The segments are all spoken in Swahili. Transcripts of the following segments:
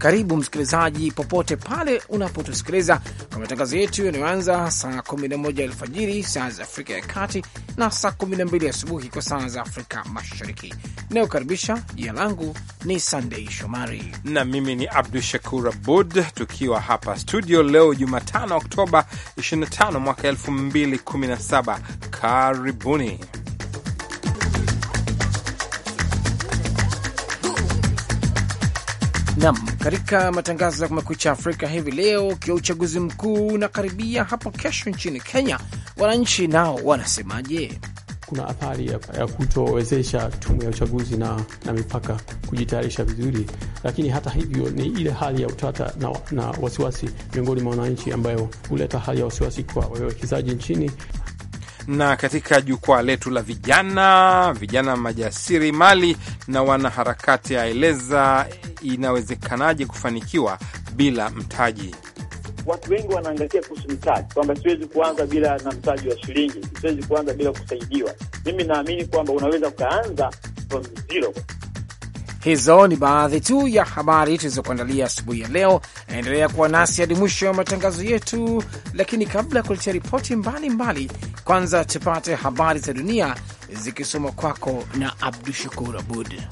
Karibu msikilizaji, popote pale unapotusikiliza kwa matangazo yetu yanayoanza saa 11 alfajiri saa za Afrika ya Kati na saa 12 asubuhi kwa saa za Afrika Mashariki. Inayokaribisha, jina langu ni Sandei Shomari na mimi ni Abdu Shakur Abud, tukiwa hapa studio leo Jumatano Oktoba 25 mwaka 2017. Karibuni. Nam, katika matangazo ya Kumekucha Afrika hivi leo, ukiwa uchaguzi mkuu unakaribia hapo kesho nchini Kenya, wananchi nao wanasemaje? Kuna athari ya, ya kutowezesha tume ya uchaguzi na, na mipaka kujitayarisha vizuri, lakini hata hivyo ni ile hali ya utata na, na wasiwasi miongoni mwa wananchi ambayo huleta hali ya wasiwasi kwa wawekezaji nchini na katika jukwaa letu la vijana, vijana majasiri mali na wanaharakati aeleza inawezekanaje kufanikiwa bila mtaji? Watu wengi wanaangazia kuhusu mtaji kwamba siwezi kuanza bila na mtaji wa shilingi, siwezi kuanza bila kusaidiwa. Mimi naamini kwamba unaweza ukaanza from zero. Hizo ni baadhi tu ya habari tulizokuandalia asubuhi ya leo. Naendelea kuwa nasi hadi mwisho ya matangazo yetu, lakini kabla ya kuletea ripoti mbalimbali, kwanza tupate habari za dunia zikisoma kwako na Abdu Shakur Abud.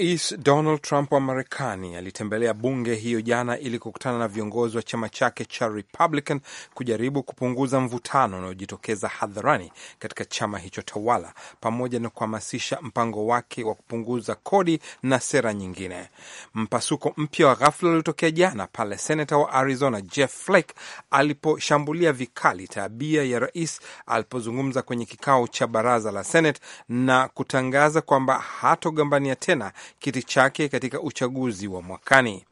Rais Donald Trump wa Marekani alitembelea bunge hiyo jana ili kukutana na viongozi wa chama chake cha Republican kujaribu kupunguza mvutano unaojitokeza hadharani katika chama hicho tawala, pamoja na kuhamasisha mpango wake wa kupunguza kodi na sera nyingine. Mpasuko mpya wa ghafla uliotokea jana pale senata wa Arizona Jeff Flake aliposhambulia vikali tabia ya rais alipozungumza kwenye kikao cha baraza la Senate na kutangaza kwamba hatogombania tena kiti chake katika uchaguzi wa mwakani.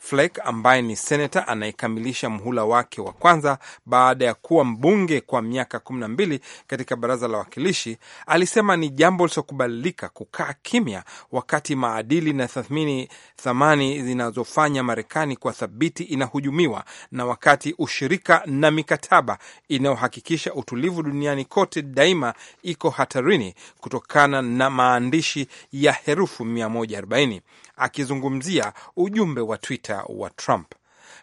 Fleck ambaye ni seneta anayekamilisha mhula wake wa kwanza baada ya kuwa mbunge kwa miaka kumi na mbili katika baraza la wawakilishi, alisema ni jambo lisokubalika kukaa kimya wakati maadili na tathmini thamani zinazofanya Marekani kwa thabiti inahujumiwa na wakati ushirika na mikataba inayohakikisha utulivu duniani kote daima iko hatarini kutokana na maandishi ya herufi 140 akizungumzia ujumbe wa Twitter wa Trump.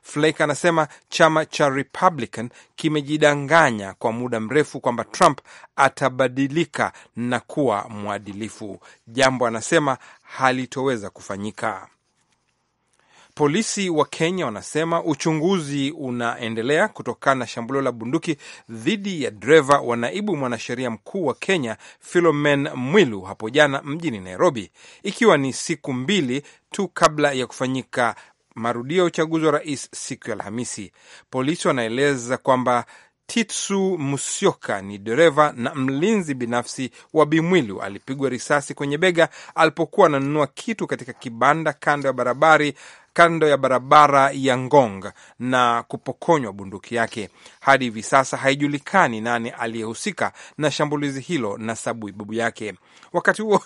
Flake anasema chama cha Republican kimejidanganya kwa muda mrefu kwamba Trump atabadilika na kuwa mwadilifu, jambo anasema halitoweza kufanyika. Polisi wa Kenya wanasema uchunguzi unaendelea kutokana na shambulio la bunduki dhidi ya dereva wa naibu mwanasheria mkuu wa Kenya Philomen Mwilu hapo jana mjini Nairobi, ikiwa ni siku mbili tu kabla ya kufanyika marudio ya uchaguzi wa rais siku ya Alhamisi. Polisi wanaeleza kwamba Titsu Musyoka ni dereva na mlinzi binafsi wa Bimwilu. Alipigwa risasi kwenye bega alipokuwa ananunua kitu katika kibanda kando ya barabari kando ya barabara ya Ngong na kupokonywa bunduki yake. Hadi hivi sasa haijulikani nani aliyehusika na shambulizi hilo na sababu yake. Wakati huo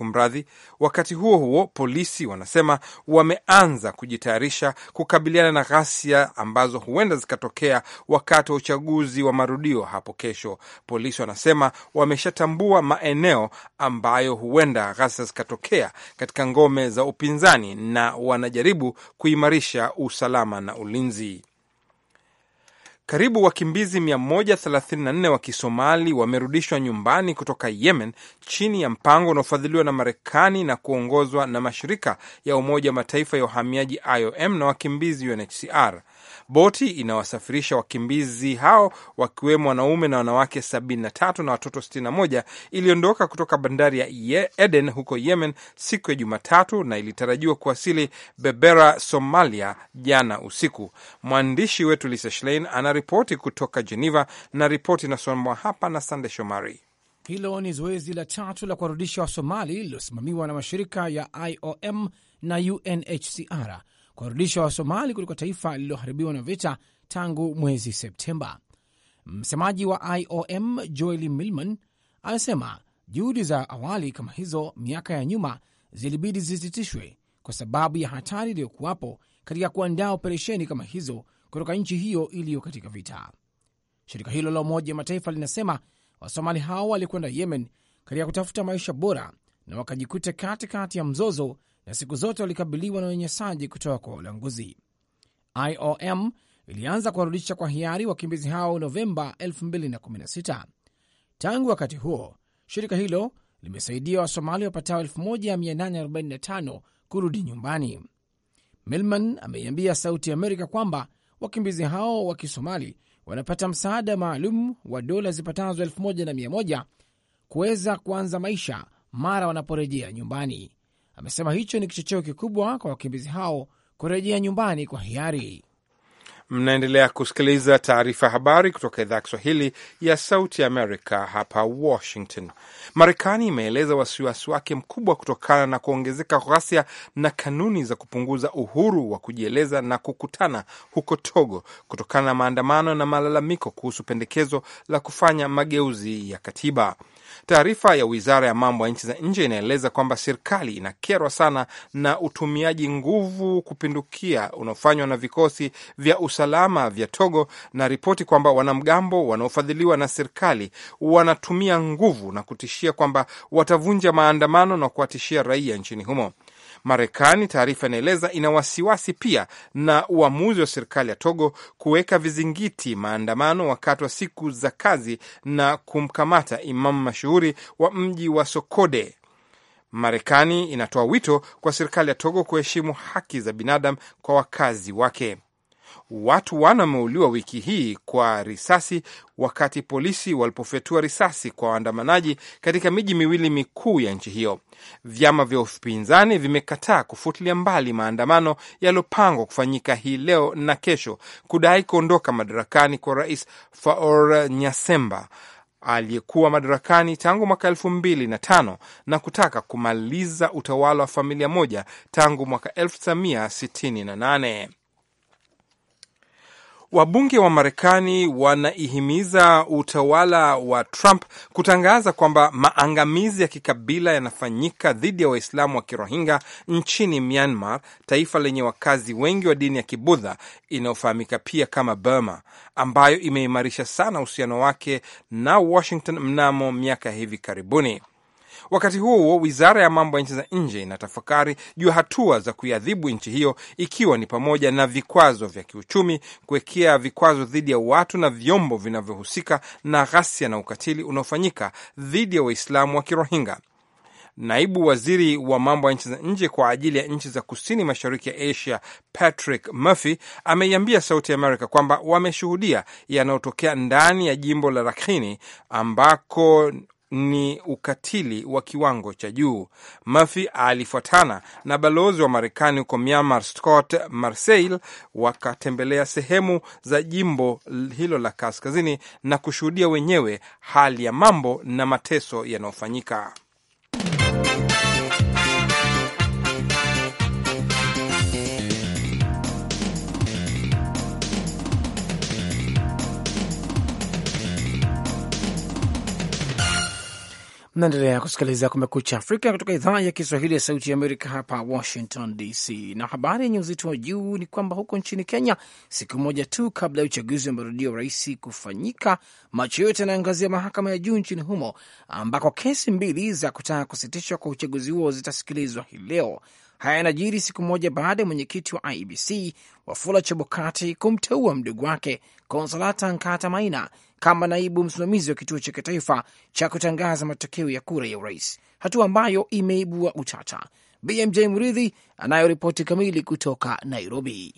kumradhi. Wakati huo huo, polisi wanasema wameanza kujitayarisha kukabiliana na ghasia ambazo huenda zikatokea wakati wa uchaguzi wa marudio hapo kesho. Polisi wanasema wameshatambua maeneo ambayo huenda ghasia zikatokea katika ngome za upinzani na wanajaribu kuimarisha usalama na ulinzi. Karibu wakimbizi 134 wa Kisomali wamerudishwa nyumbani kutoka Yemen chini ya mpango unaofadhiliwa na Marekani na kuongozwa na mashirika ya Umoja wa Mataifa ya uhamiaji IOM na wakimbizi UNHCR. Boti inawasafirisha wakimbizi hao wakiwemo wanaume na wanawake 73 na watoto 61 iliondoka kutoka bandari ya Eden huko Yemen siku ya Jumatatu na ilitarajiwa kuwasili Berbera, Somalia jana usiku. Mwandishi wetu Lisa Schlein anaripoti kutoka Geneva na ripoti inasomwa hapa na Sande Shomari. Hilo ni zoezi la tatu la kuwarudisha Wasomali lililosimamiwa na mashirika ya IOM na UNHCR kuwarudisha Wasomali kutoka taifa lililoharibiwa na vita tangu mwezi Septemba. Msemaji wa IOM Joel Milman anasema juhudi za awali kama hizo miaka ya nyuma zilibidi zisitishwe kwa sababu ya hatari iliyokuwapo katika kuandaa operesheni kama hizo kutoka nchi hiyo iliyo katika vita. Shirika hilo la Umoja Mataifa linasema Wasomali hao walikwenda Yemen katika kutafuta maisha bora na wakajikuta katikati ya mzozo na siku zote walikabiliwa na unyanyasaji kutoka kwa ulanguzi. IOM ilianza kuwarudisha kwa hiari wakimbizi hao Novemba 2016. Tangu wakati huo shirika hilo limesaidia Wasomali wapatao 1845 kurudi nyumbani. Milman ameiambia Sauti ya Amerika kwamba wakimbizi hao wa Kisomali wanapata msaada maalum wa dola zipatazo 1100 kuweza kuanza maisha mara wanaporejea nyumbani amesema hicho ni kichocheo kikubwa kwa wakimbizi hao kurejea nyumbani kwa hiari. Mnaendelea kusikiliza taarifa ya habari kutoka idhaa ya Kiswahili ya Sauti Amerika hapa Washington. Marekani imeeleza wasiwasi wake mkubwa kutokana na kuongezeka ghasia na kanuni za kupunguza uhuru wa kujieleza na kukutana huko Togo kutokana na maandamano na malalamiko kuhusu pendekezo la kufanya mageuzi ya katiba. Taarifa ya wizara ya mambo ya nchi za nje inaeleza kwamba serikali inakerwa sana na utumiaji nguvu kupindukia unaofanywa na vikosi vya usalama vya Togo na ripoti kwamba wanamgambo wanaofadhiliwa na serikali wanatumia nguvu na kutishia kwamba watavunja maandamano na kuwatishia raia nchini humo. Marekani, taarifa inaeleza, ina wasiwasi pia na uamuzi wa serikali ya Togo kuweka vizingiti maandamano wakati wa siku za kazi na kumkamata imamu mashuhuri wa mji wa Sokode. Marekani inatoa wito kwa serikali ya Togo kuheshimu haki za binadamu kwa wakazi wake. Watu wana wameuliwa wiki hii kwa risasi wakati polisi walipofyatua risasi kwa waandamanaji katika miji miwili mikuu ya nchi hiyo. Vyama vya upinzani vimekataa kufutilia mbali maandamano yaliyopangwa kufanyika hii leo na kesho kudai kuondoka madarakani kwa Rais Faure Nyasemba aliyekuwa madarakani tangu mwaka elfu mbili na tano na kutaka kumaliza utawala wa familia moja tangu mwaka elfu tisa mia sitini na nane. Wabunge wa Marekani wanaihimiza utawala wa Trump kutangaza kwamba maangamizi ya kikabila yanafanyika dhidi ya Waislamu wa kirohinga nchini Myanmar, taifa lenye wakazi wengi wa dini ya Kibudha inayofahamika pia kama Burma, ambayo imeimarisha sana uhusiano wake na Washington mnamo miaka hivi karibuni. Wakati huo huo, wizara ya mambo ya nchi za nje inatafakari juu ya hatua za kuiadhibu nchi hiyo, ikiwa ni pamoja na vikwazo vya kiuchumi, kuwekea vikwazo dhidi ya watu na vyombo vinavyohusika na ghasia na ukatili unaofanyika dhidi ya Waislamu wa kirohinga Naibu waziri wa mambo ya nchi za nje kwa ajili ya nchi za kusini mashariki ya Asia, Patrick Murphy, ameiambia Sauti ya Amerika kwamba wameshuhudia yanayotokea ndani ya jimbo la Rakhine ambako ni ukatili wa kiwango cha juu. Murphy alifuatana na balozi wa Marekani huko Myanmar, Scott Marseille, wakatembelea sehemu za jimbo hilo la kaskazini na kushuhudia wenyewe hali ya mambo na mateso yanayofanyika. Mnaendelea kusikiliza Kumekucha Afrika kutoka idhaa ya Kiswahili ya Sauti ya Amerika hapa Washington DC, na habari yenye uzito wa juu ni kwamba huko nchini Kenya, siku moja tu kabla ya uchaguzi wa marudio wa rais kufanyika, macho yote yanaangazia mahakama ya juu nchini humo ambako kesi mbili za kutaka kusitishwa kwa uchaguzi huo zitasikilizwa hii leo. Haya yanajiri siku moja baada ya mwenyekiti wa IEBC Wafula Chebukati kumteua mdogo wake Konsolata Nkata Maina kama naibu msimamizi wa kituo cha kitaifa cha kutangaza matokeo ya kura ya urais, hatua ambayo imeibua utata. BMJ Muridhi anayo ripoti kamili kutoka Nairobi.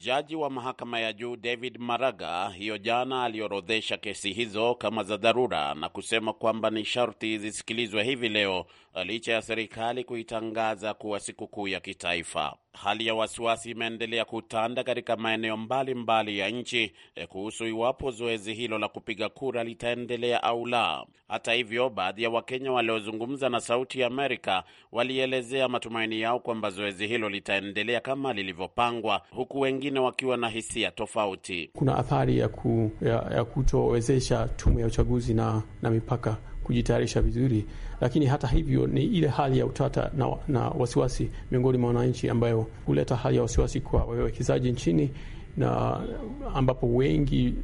Jaji wa mahakama ya juu David Maraga hiyo jana aliorodhesha kesi hizo kama za dharura na kusema kwamba ni sharti zisikilizwe hivi leo licha ya serikali kuitangaza kuwa sikukuu ya kitaifa. Hali ya wasiwasi imeendelea kutanda katika maeneo mbalimbali ya nchi e, kuhusu iwapo zoezi hilo la kupiga kura litaendelea au la. Hata hivyo, baadhi ya Wakenya waliozungumza na Sauti ya Amerika walielezea matumaini yao kwamba zoezi hilo litaendelea kama lilivyopangwa, huku wengine wakiwa na hisia tofauti. Kuna athari ya, ku, ya, ya kutowezesha tume ya uchaguzi na, na mipaka kujitayarisha vizuri, lakini hata hivyo ni ile hali ya utata na, na wasiwasi miongoni mwa wananchi ambayo huleta hali ya wasiwasi kwa wawekezaji nchini na ambapo wengi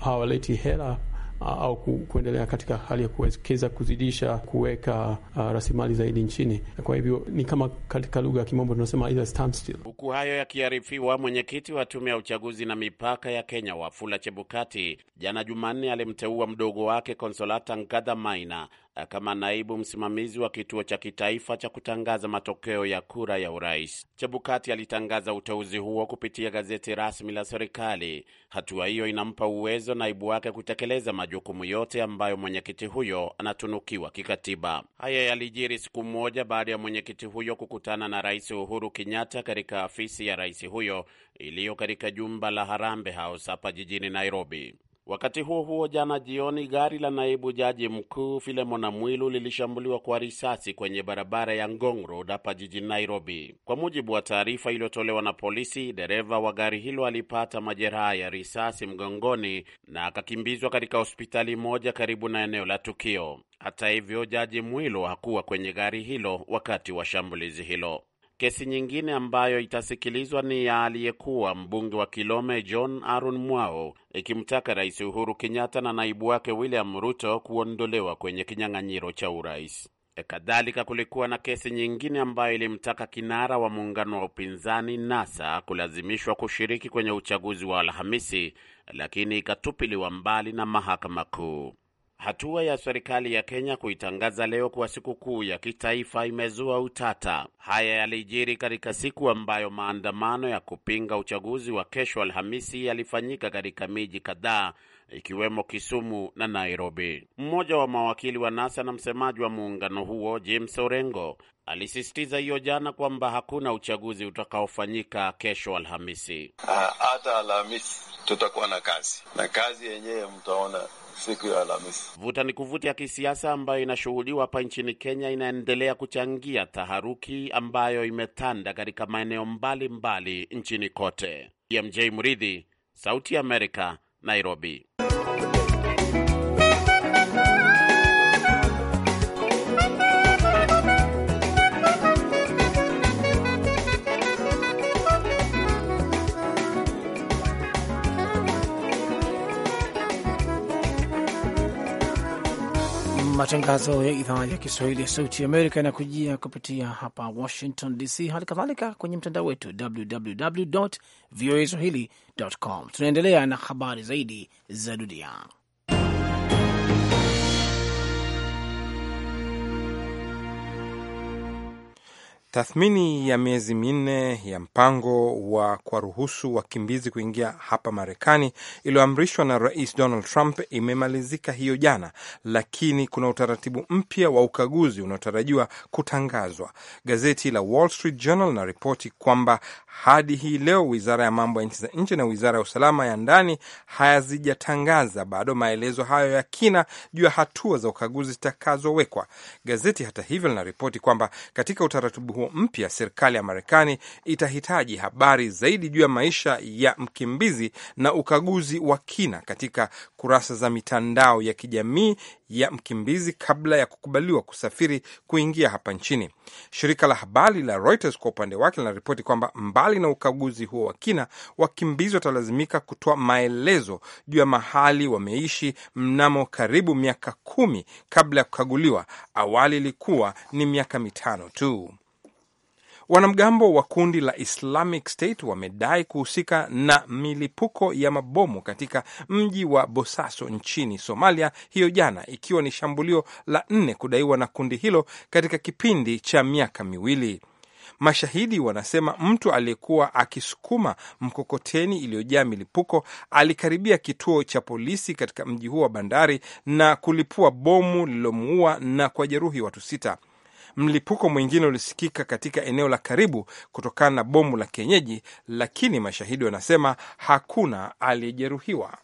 hawaleti hela Uh, au kuendelea katika hali ya kuwekeza kuzidisha kuweka uh, rasilimali zaidi nchini. Kwa hivyo ni kama katika lugha ya kimombo tunasema standstill. Huku hayo yakiarifiwa, mwenyekiti wa tume ya uchaguzi na mipaka ya Kenya Wafula Chebukati jana Jumanne alimteua mdogo wake Konsolata Nkadha Maina Eh, kama naibu msimamizi wa kituo cha kitaifa cha kutangaza matokeo ya kura ya urais. Chebukati alitangaza uteuzi huo kupitia gazeti rasmi la serikali. Hatua hiyo inampa uwezo naibu wake kutekeleza majukumu yote ambayo mwenyekiti huyo anatunukiwa kikatiba. Haya yalijiri siku moja baada ya mwenyekiti huyo kukutana na Rais Uhuru Kenyatta katika afisi ya rais huyo iliyo katika jumba la Harambe House hapa jijini Nairobi. Wakati huo huo, jana jioni, gari la naibu jaji mkuu Filemona Mwilu lilishambuliwa kwa risasi kwenye barabara ya Ngong Road hapa jijini Nairobi. Kwa mujibu wa taarifa iliyotolewa na polisi, dereva wa gari hilo alipata majeraha ya risasi mgongoni na akakimbizwa katika hospitali moja karibu na eneo la tukio. Hata hivyo, jaji Mwilu hakuwa kwenye gari hilo wakati wa shambulizi hilo. Kesi nyingine ambayo itasikilizwa ni ya aliyekuwa mbunge wa Kilome John arun Mwao, ikimtaka Rais Uhuru Kenyatta na naibu wake William Ruto kuondolewa kwenye kinyang'anyiro cha urais. E, kadhalika, kulikuwa na kesi nyingine ambayo ilimtaka kinara wa muungano wa upinzani NASA kulazimishwa kushiriki kwenye uchaguzi wa Alhamisi, lakini ikatupiliwa mbali na mahakama kuu. Hatua ya serikali ya Kenya kuitangaza leo kuwa sikukuu ya kitaifa imezua utata. Haya yalijiri katika siku ambayo maandamano ya kupinga uchaguzi wa kesho Alhamisi yalifanyika katika miji kadhaa ikiwemo Kisumu na Nairobi. Mmoja wa mawakili wa NASA na msemaji wa muungano huo James Orengo alisisitiza hiyo jana kwamba hakuna uchaguzi utakaofanyika kesho Alhamisi. Ah, hata Alhamisi tutakuwa na kazi, na kazi yenyewe mtaona siku ya Alhamisi. Vuta ni kuvuti ya kisiasa ambayo inashuhudiwa hapa nchini Kenya inaendelea kuchangia taharuki ambayo imetanda katika maeneo mbalimbali nchini kote. MJ Mridhi, Sauti ya Amerika, Nairobi. Matangazo ya idhaa ya Kiswahili ya Sauti Amerika yanakujia kupitia hapa Washington DC, hali kadhalika kwenye mtandao wetu www voa swahili com. Tunaendelea na habari zaidi za dunia. Tathmini ya miezi minne ya mpango wa kuwaruhusu wakimbizi kuingia hapa Marekani iliyoamrishwa na Rais Donald Trump imemalizika hiyo jana, lakini kuna utaratibu mpya wa ukaguzi unaotarajiwa kutangazwa. Gazeti la Wall Street Journal linaripoti kwamba hadi hii leo wizara ya mambo ya nchi za nje na wizara ya usalama ya ndani hazijatangaza bado maelezo hayo ya kina juu ya hatua za ukaguzi zitakazowekwa. Gazeti hata hivyo linaripoti kwamba katika utaratibu mpango mpya, serikali ya Marekani itahitaji habari zaidi juu ya maisha ya mkimbizi na ukaguzi wa kina katika kurasa za mitandao ya kijamii ya mkimbizi kabla ya kukubaliwa kusafiri kuingia hapa nchini. Shirika la habari la Reuters kwa upande wake linaripoti kwamba mbali na ukaguzi huo wa kina, wakimbizi watalazimika kutoa maelezo juu ya mahali wameishi mnamo karibu miaka kumi kabla ya kukaguliwa. Awali ilikuwa ni miaka mitano tu. Wanamgambo wa kundi la Islamic State wamedai kuhusika na milipuko ya mabomu katika mji wa Bosaso nchini Somalia hiyo jana, ikiwa ni shambulio la nne kudaiwa na kundi hilo katika kipindi cha miaka miwili. Mashahidi wanasema mtu aliyekuwa akisukuma mkokoteni iliyojaa milipuko alikaribia kituo cha polisi katika mji huo wa bandari na kulipua bomu lililomuua na kuwajeruhi watu sita. Mlipuko mwingine ulisikika katika eneo la karibu kutokana na bomu la kienyeji, lakini mashahidi wanasema hakuna aliyejeruhiwa.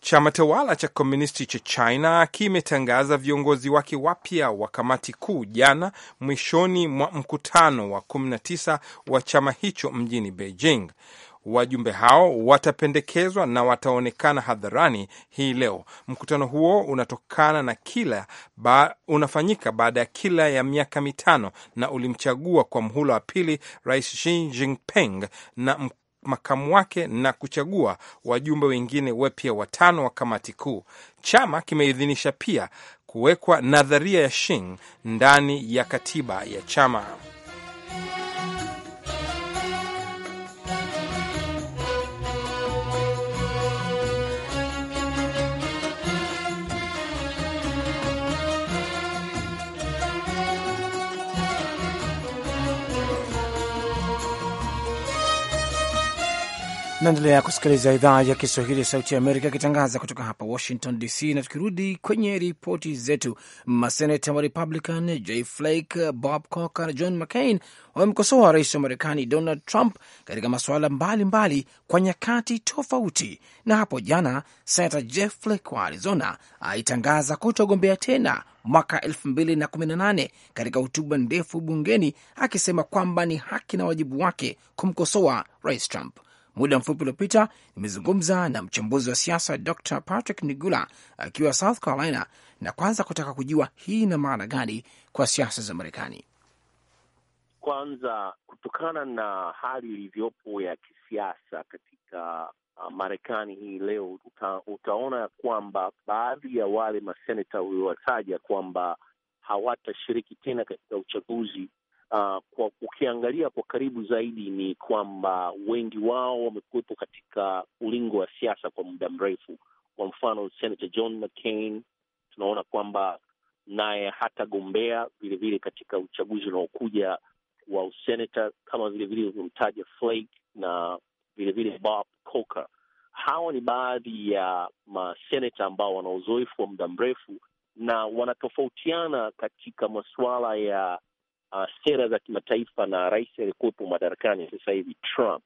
Chama tawala cha komunisti cha China kimetangaza viongozi wake wapya wa kamati kuu jana, mwishoni mwa mkutano wa 19 wa chama hicho mjini Beijing. Wajumbe hao watapendekezwa na wataonekana hadharani hii leo. Mkutano huo unatokana na kila ba, unafanyika baada ya kila ya miaka mitano na ulimchagua kwa mhula wa pili Rais Xi Jinping na makamu wake na kuchagua wajumbe wengine wapya watano wa kamati kuu. Chama kimeidhinisha pia kuwekwa nadharia ya Xi ndani ya katiba ya chama. Naendelea kusikiliza idhaa ya Kiswahili ya Sauti ya Amerika ikitangaza kutoka hapa Washington DC. Na tukirudi kwenye ripoti zetu, maseneta wa Republican Jay Flake, Bob Corker na John McCain wamemkosoa rais wa Marekani Donald Trump katika masuala mbalimbali kwa nyakati tofauti. Na hapo jana, senata Jeff Flake wa Arizona alitangaza kutogombea tena mwaka 2018 katika hotuba ndefu bungeni, akisema kwamba ni haki na wajibu wake kumkosoa rais Trump. Muda mfupi uliopita nimezungumza na mchambuzi wa siasa Dr Patrick Nigula akiwa South Carolina, na kwanza kutaka kujua hii ina maana gani kwa siasa za Marekani. Kwanza, kutokana na hali ilivyopo ya kisiasa katika uh, Marekani hii leo uta, utaona ya kwamba baadhi ya wale maseneta uliowataja kwamba hawatashiriki tena katika uchaguzi Uh, kwa ukiangalia kwa karibu zaidi ni kwamba wengi wao wamekuwepo katika ulingo wa siasa kwa muda mrefu. Kwa mfano Senator John McCain, tunaona kwamba naye hatagombea vilevile katika uchaguzi unaokuja wa usenata, kama vilevile ulivyomtaja Flake na vilevile Bob Corker. Hawa ni baadhi ya maseneta ambao wana uzoefu wa muda mrefu na wanatofautiana katika masuala ya uh, sera za kimataifa na rais aliyekuwepo madarakani sasa hivi Trump.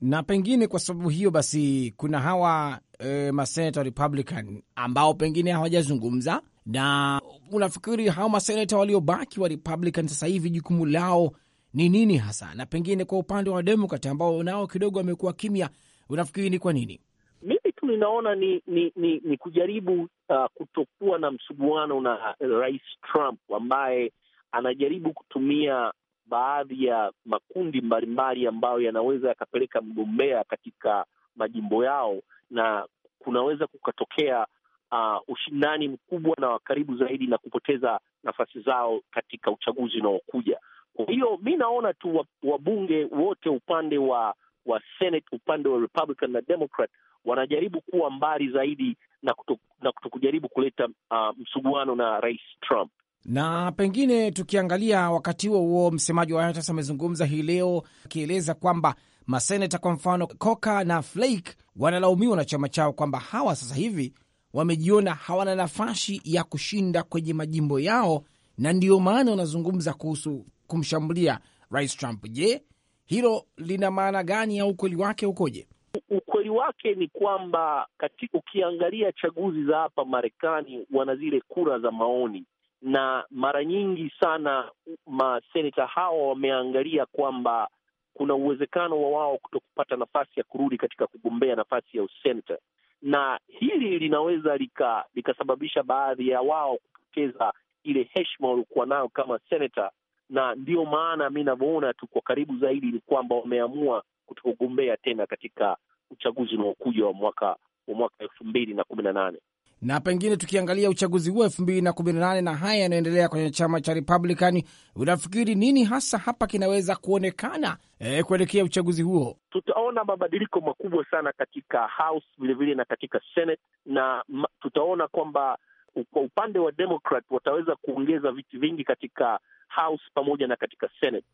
Na pengine kwa sababu hiyo basi kuna hawa e, eh, masenata Republican ambao pengine hawajazungumza. Na unafikiri hawa masenata waliobaki wa Republican sasa hivi jukumu lao ni nini hasa? Na pengine kwa upande wa Demokrat ambao nao kidogo wamekuwa kimya, unafikiri ni kwa nini? Mimi tu ninaona ni ni, ni, ni kujaribu uh, kutokuwa na msuguano na uh, Rais Trump ambaye anajaribu kutumia baadhi ya makundi mbalimbali ambayo yanaweza yakapeleka mgombea katika majimbo yao, na kunaweza kukatokea uh, ushindani mkubwa na wa karibu zaidi na kupoteza nafasi zao katika uchaguzi unaokuja. Kwa hiyo mi naona tu wabunge wote upande wa wa Senate, upande wa Republican na Democrat wanajaribu kuwa mbali zaidi na kuto, na kutokujaribu kuleta uh, msuguano na Rais Trump na pengine tukiangalia wakati huo huo, msemaji wa White House amezungumza hii leo akieleza kwamba maseneta kwa mfano Coker na Flake wanalaumiwa na chama chao kwamba hawa sasa hivi wamejiona hawana nafasi ya kushinda kwenye majimbo yao, na ndiyo maana wanazungumza kuhusu kumshambulia Rais Trump. Je, hilo lina maana gani au ukweli wake ukoje? Ukweli wake ni kwamba katika, ukiangalia chaguzi za hapa Marekani, wana zile kura za maoni na mara nyingi sana maseneta hawa wameangalia kwamba kuna uwezekano wa wao kutokupata nafasi ya kurudi katika kugombea nafasi ya usenta, na hili linaweza lika, likasababisha baadhi ya wao kupoteza ile heshima waliokuwa nayo kama seneta, na ndiyo maana mi navyoona tu kwa karibu zaidi ni kwamba wameamua kutokugombea tena katika uchaguzi unaokuja wa mwaka wa mwaka elfu mbili na kumi na nane na pengine tukiangalia uchaguzi huu elfu mbili na kumi na nane na haya yanayoendelea kwenye chama cha Republican, unafikiri nini hasa hapa kinaweza kuonekana e, kuelekea uchaguzi huo? Tutaona mabadiliko makubwa sana katika House vilevile na katika Senate, na tutaona kwamba kwa upande wa Democrat wataweza kuongeza viti vingi katika House pamoja na katika Senate.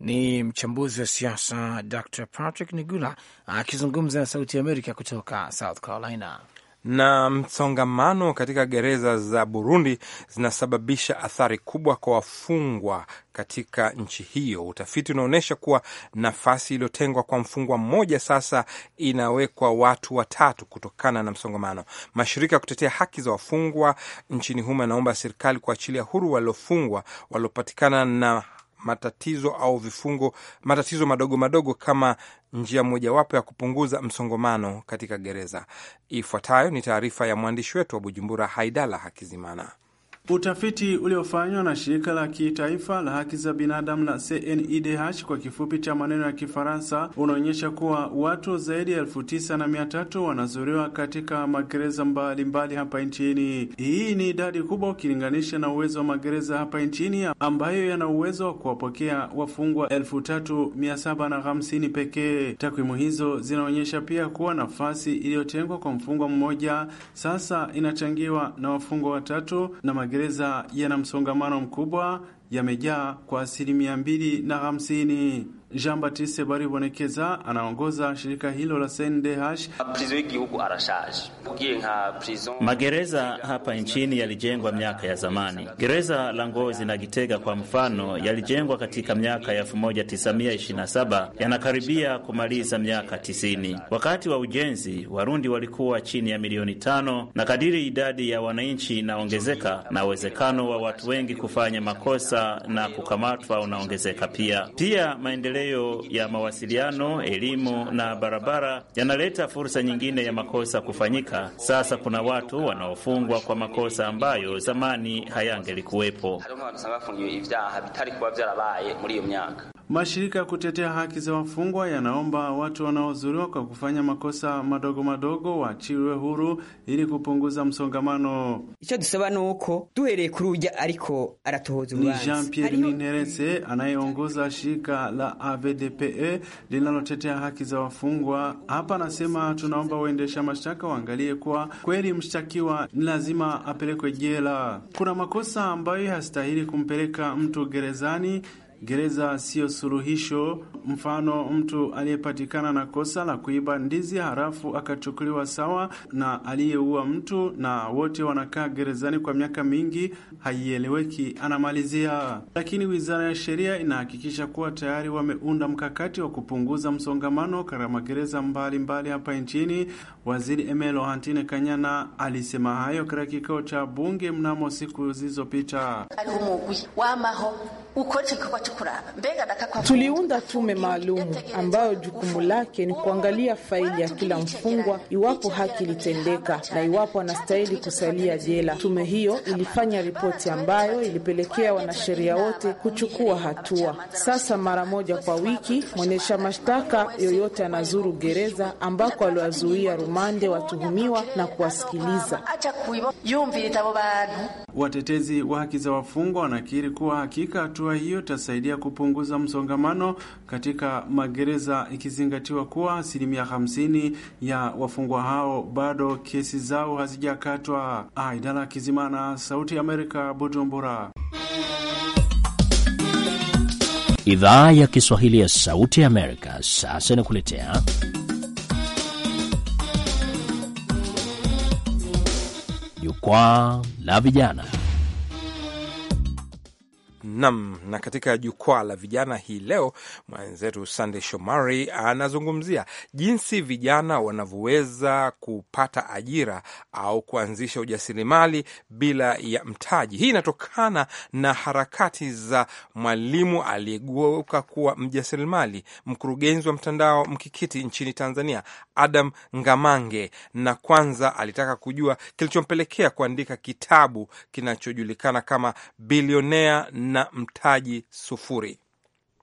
Ni mchambuzi wa siasa Dr Patrick Nigula akizungumza na Sauti ya Amerika kutoka South Carolina na msongamano katika gereza za Burundi zinasababisha athari kubwa kwa wafungwa katika nchi hiyo. Utafiti unaonyesha kuwa nafasi iliyotengwa kwa mfungwa mmoja sasa inawekwa watu watatu kutokana na msongamano. Mashirika ya kutetea haki za wafungwa nchini humo yanaomba serikali kuachilia huru waliofungwa waliopatikana na matatizo au vifungo, matatizo madogo madogo kama njia mojawapo ya kupunguza msongamano katika gereza. Ifuatayo ni taarifa ya mwandishi wetu wa Bujumbura, Haidala Hakizimana. Utafiti uliofanywa na shirika la kitaifa la haki za binadamu la cnedh kwa kifupi cha maneno ya Kifaransa unaonyesha kuwa watu zaidi ya elfu tisa na mia tatu wanazuriwa katika magereza mbalimbali hapa nchini. Hii ni idadi kubwa ukilinganisha na uwezo wa magereza hapa nchini ambayo yana uwezo wa kuwapokea wafungwa elfu tatu mia saba na hamsini pekee. Takwimu hizo zinaonyesha pia kuwa nafasi iliyotengwa kwa mfungwa mmoja sasa inachangiwa na wafungwa watatu na magereza yana msongamano mkubwa yamejaa kwa asilimia mbili na hamsini. Jean Baptiste Baribonekeza anaongoza shirika hilo la CNDH. Magereza hapa nchini yalijengwa miaka ya zamani. Gereza la Ngozi na Gitega kwa mfano yalijengwa katika miaka ya 1927 yanakaribia kumaliza miaka 90. Wakati wa ujenzi Warundi walikuwa chini ya milioni tano, na kadiri idadi ya wananchi inaongezeka na uwezekano wa watu wengi kufanya makosa na kukamatwa unaongezeka pia. Pia maendeleo maendeleo ya mawasiliano, elimu na barabara yanaleta fursa nyingine ya makosa kufanyika. Sasa kuna watu wanaofungwa kwa makosa ambayo zamani hayangelikuwepo. Mashirika ya kutetea haki za wafungwa yanaomba watu wanaozuliwa kwa kufanya makosa madogo madogo waachiriwe huru ili kupunguza msongamano. Icho dusaba nuko duhereye kuri urya ariko aratohoza urubanza. Ni Jean Pierre Ninterese anayeongoza shirika la AVDPE linalotetea haki za wafungwa hapa, anasema tunaomba waendesha mashtaka waangalie kuwa kweli mshtakiwa ni lazima apelekwe jela. Kuna makosa ambayo hastahili kumpeleka mtu gerezani Gereza siyo suluhisho. Mfano, mtu aliyepatikana na kosa la kuiba ndizi harafu akachukuliwa sawa na aliyeua mtu, na wote wanakaa gerezani kwa miaka mingi, haieleweki, anamalizia. Lakini wizara ya sheria inahakikisha kuwa tayari wameunda mkakati wa kupunguza msongamano katika magereza mbalimbali hapa nchini. Waziri Emelo Antine Kanyana alisema hayo katika kikao cha bunge mnamo siku zilizopita. Tuliunda tume maalum ambayo jukumu lake ni kuangalia faili ya kila mfungwa, iwapo haki ilitendeka na iwapo anastahili kusalia jela. Tume hiyo ilifanya ripoti ambayo ilipelekea wanasheria wote kuchukua hatua. Sasa mara moja kwa wiki mwendesha mashtaka yoyote anazuru gereza ambako aliwazuia rumande watuhumiwa na kuwasikiliza. Watetezi wa haki za wafungwa wanakiri kuwa hakika Hatua hiyo itasaidia kupunguza msongamano katika magereza, ikizingatiwa kuwa asilimia 50 ya wafungwa hao bado kesi zao hazijakatwa. Aidala Kizimana, Sauti ya Amerika, Bujumbura. Idhaa ya Kiswahili ya Sauti ya Amerika sasa inakuletea jukwaa la vijana. Nam, na katika jukwaa la vijana hii leo mwenzetu Sandey Shomari anazungumzia jinsi vijana wanavyoweza kupata ajira au kuanzisha ujasiriamali bila ya mtaji. Hii inatokana na harakati za mwalimu aliyegeuka kuwa mjasiriamali, mkurugenzi wa mtandao Mkikiti nchini Tanzania, Adam Ngamange, na kwanza alitaka kujua kilichompelekea kuandika kitabu kinachojulikana kama bilionea na mtaji sufuri.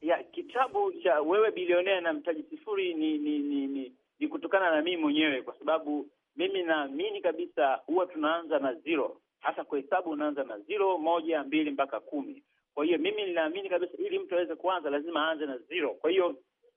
Ya, kitabu cha wewe bilionea na mtaji sufuri ni ni, ni, ni, ni kutokana na mimi mwenyewe, kwa sababu mimi naamini kabisa huwa tunaanza na zero, hasa kwa hesabu unaanza na zero, moja, mbili mpaka kumi. Kwa hiyo mimi ninaamini kabisa ili mtu aweze kuanza lazima aanze na zero. Kwa hiyo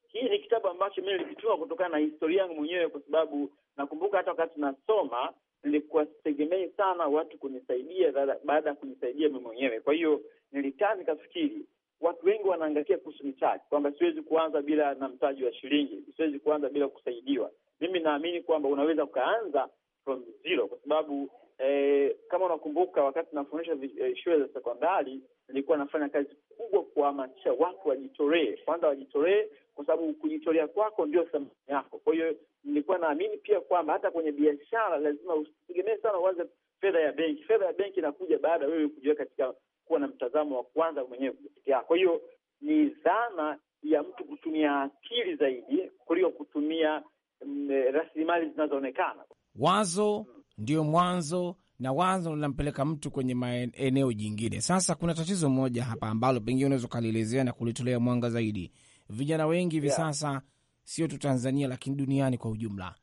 hii ni kitabu ambacho mimi nilikitoa kutokana na historia yangu mwenyewe, kwa sababu nakumbuka hata wakati nasoma nilikuwa sitegemei sana watu kunisaidia baada ya kunisaidia mimi mwenyewe. Kwa hiyo nilikaa nikafikiri, watu wengi wanaangalia kuhusu mitaji, kwamba siwezi kuanza bila na mtaji wa shilingi, siwezi kuanza bila kusaidiwa. Mimi naamini kwamba unaweza ukaanza from zero, kwa sababu eh, kama unakumbuka wakati nafundisha eh, shule za sekondari, nilikuwa nafanya kazi kubwa kuwahamasisha watu wajitolee, kwanza wajitolee kwa sababu kujitolea kwako ndio thamani yako. Kwa hiyo nilikuwa naamini pia kwamba hata kwenye biashara lazima usitegemee sana uanze fedha ya benki. Fedha ya benki inakuja baada ya wewe kujiweka katika kuwa na mtazamo wa kwanza mwenyewe peke Kwa hiyo ni dhana ya mtu kutumia akili zaidi kuliko kutumia mm, rasilimali zinazoonekana. Wazo ndiyo mwanzo na wazo linampeleka mtu kwenye maeneo jingine. Sasa kuna tatizo moja hapa ambalo pengine unaweza ukalielezea na kulitolea mwanga zaidi vijana wengi hivi sasa yeah, sio tu Tanzania lakini duniani kwa ujumla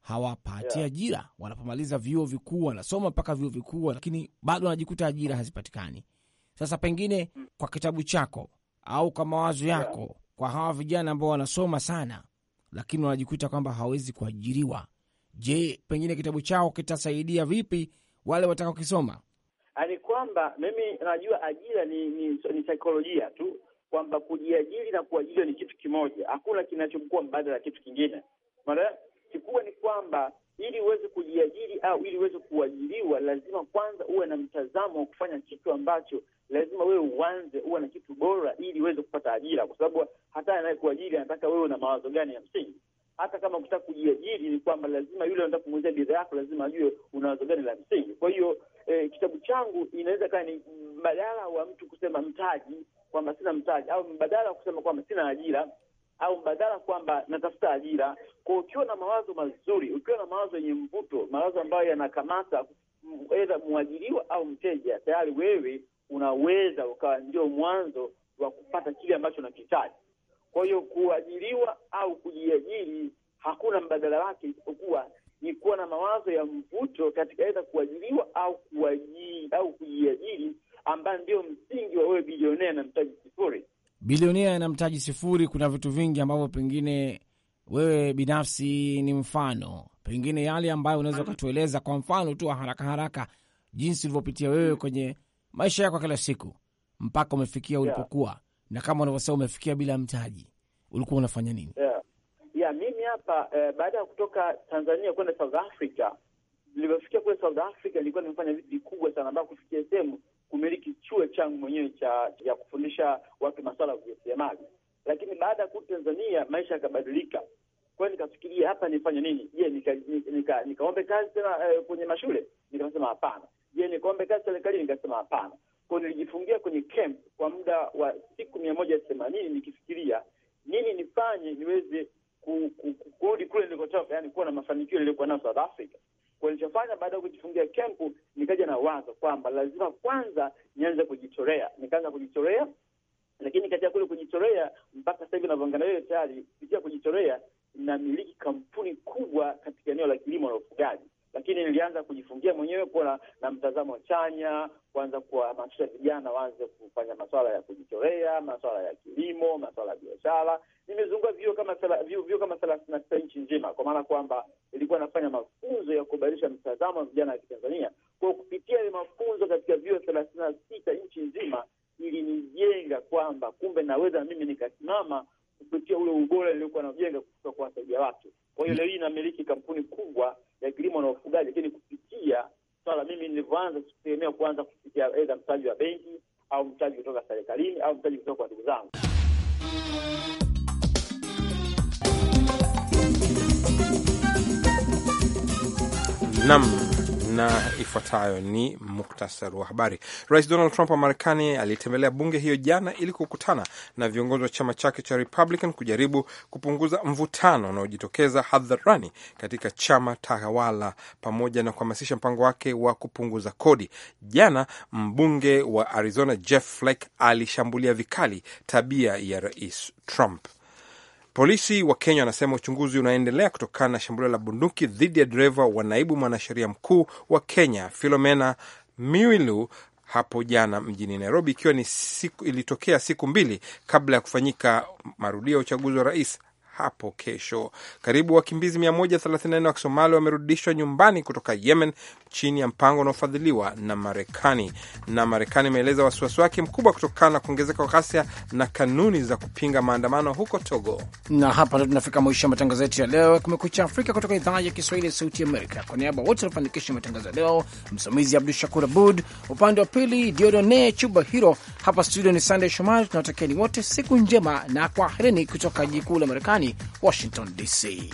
hawapati yeah, ajira wanapomaliza vyuo vikuu, wanasoma mpaka vyuo vikuu, lakini bado wanajikuta ajira hazipatikani. Sasa pengine kwa kitabu chako au kwa mawazo yako yeah, kwa hawa vijana ambao wanasoma sana lakini wanajikuta kwamba hawawezi kuajiriwa, je, pengine kitabu chao kitasaidia vipi wale watakaokisoma? Ni yaani kwamba mimi najua ajira ni, ni, ni saikolojia tu kwamba kujiajiri na kuajiriwa ni kitu kimoja, hakuna kinachokuwa mbadala ya kitu kingine. Maana kikubwa ni kwamba ili uweze kujiajiri au ili uweze kuajiriwa, lazima kwanza uwe na mtazamo wa kufanya kitu ambacho lazima wewe uanze, uwe na kitu bora ili uweze kupata ajira, kwa sababu hata anayekuajiri anataka wewe una mawazo gani ya msingi. Hata kama ukitaka kujiajiri, ni kwamba lazima yule anataka kumuuzia bidhaa yako lazima ajue una wazo gani la msingi. Kwa hiyo e, kitabu changu inaweza kawa ni mbadala wa mtu kusema mtaji kwamba sina mtaji, au mbadala wa kusema kwamba sina ajira, au mbadala kwamba natafuta ajira. Kwa ukiwa na mawazo mazuri, ukiwa na mawazo yenye mvuto, mawazo ambayo yanakamata edha mwajiriwa au mteja, tayari wewe unaweza ukawa ndio mwanzo wa kupata kile ambacho unakihitaji. Kwa hiyo kuajiriwa au kujiajiri hakuna mbadala wake isipokuwa ni kuwa na mawazo ya mvuto katika aidha kuajiriwa au kuajiri, au kujiajiri ambayo ndio msingi wa wewe bilionea na mtaji sifuri. Bilionea na mtaji sifuri, kuna vitu vingi ambavyo pengine wewe binafsi ni mfano, pengine yale ambayo unaweza mhm. ukatueleza kwa mfano tu wa haraka haraka, jinsi ulivyopitia wewe mhm. kwenye maisha yako kila siku mpaka umefikia ulipokuwa, yeah. Na kama unavyosema umefikia bila mtaji, ulikuwa unafanya nini? yeah ya mimi hapa eh, baada ya kutoka Tanzania kwenda South Africa, nilivyofikia kule South Africa nilikuwa nimefanya vitu vikubwa sana, mpaka kufikia sehemu kumiliki chuo changu mwenyewe cha ya kufundisha watu masuala ya ujasiriamali. Lakini baada ya kurudi Tanzania maisha yakabadilika, kwa hiyo nikafikiria hapa nifanye nini? Je, nikaombe nika, nika, nika kazi tena eh, kwenye mashule? Nikasema hapana. Je, nikaombe kazi serikalini? Nikasema hapana. Kwa nilijifungia kwenye camp kwa muda wa siku mia moja themanini nikifikiria nini nifanye niweze kurudi kule nilikotoka, yani kuwa na mafanikio niliyokuwa nayo South Africa. Kwa nilichofanya baada ya kujifungia kempu, nikaja na wazo kwamba lazima kwanza nianze kujitorea. Nikaanza kujitorea, lakini katika kule kujitorea, mpaka sasa hivi wewe, tayari kupitia kujitorea namiliki kampuni kubwa katika eneo la kilimo na ufugaji lakini nilianza kujifungia mwenyewe kuwa na, na mtazamo chanya, kuanza kuwahamasisha vijana waanze kufanya maswala ya kujitolea, maswala ya kilimo, maswala ya biashara. Nimezunguka vyuo kama vyuo kama thelathini na sita nchi nzima, kwa maana kwamba ilikuwa nafanya mafunzo ya kubadilisha mtazamo wa vijana wa Kitanzania. Kwa kupitia hayo mafunzo katika vyuo thelathini na sita nchi nzima, ilinijenga kwamba kumbe naweza mimi nikasimama kupitia ule ubora niliokuwa naujenga kutoka kuwasaidia watu. Kwa hiyo leo hii namiliki kampuni kubwa ya kilimo na ufugaji, lakini kupitia swala mimi nilivyoanza sikutegemea kuanza kupitia aidha mtaji wa benki au mtaji kutoka serikalini au mtaji kutoka kwa ndugu zangu. Naam na ifuatayo ni muktasari wa habari. Rais Donald Trump wa Marekani alitembelea bunge hiyo jana ili kukutana na viongozi wa chama chake cha Republican kujaribu kupunguza mvutano unaojitokeza hadharani katika chama tawala pamoja na kuhamasisha mpango wake wa kupunguza kodi. Jana mbunge wa Arizona Jeff Flake alishambulia vikali tabia ya Rais Trump. Polisi wa Kenya wanasema uchunguzi unaendelea kutokana na shambulio la bunduki dhidi ya dereva wa naibu mwanasheria mkuu wa Kenya Filomena Miwilu hapo jana mjini Nairobi, ikiwa ni siku ilitokea siku mbili kabla ya kufanyika marudio ya uchaguzi wa rais hapo kesho. Karibu wakimbizi 134 wa Kisomali wamerudishwa nyumbani kutoka Yemen chini ya mpango unaofadhiliwa na Marekani. Na Marekani imeeleza wasiwasi wake mkubwa kutokana na kuongezeka kwa ghasia na kanuni za kupinga maandamano huko Togo. Na hapa ndo tunafika mwisho wa matangazo yetu ya leo, Kumekucha Afrika kutoka idhaa ya Kiswahili ya Sauti Amerika. Kwa niaba wote wanafanikisha matangazo ya leo, msimamizi Abdu Shakur Abud, upande wa pili Diodone Chuba Hiro, hapa studio ni Sandey Shomari. Tunawatakieni wote siku njema na kwaherini kutoka jikuu la Marekani, Washington DC.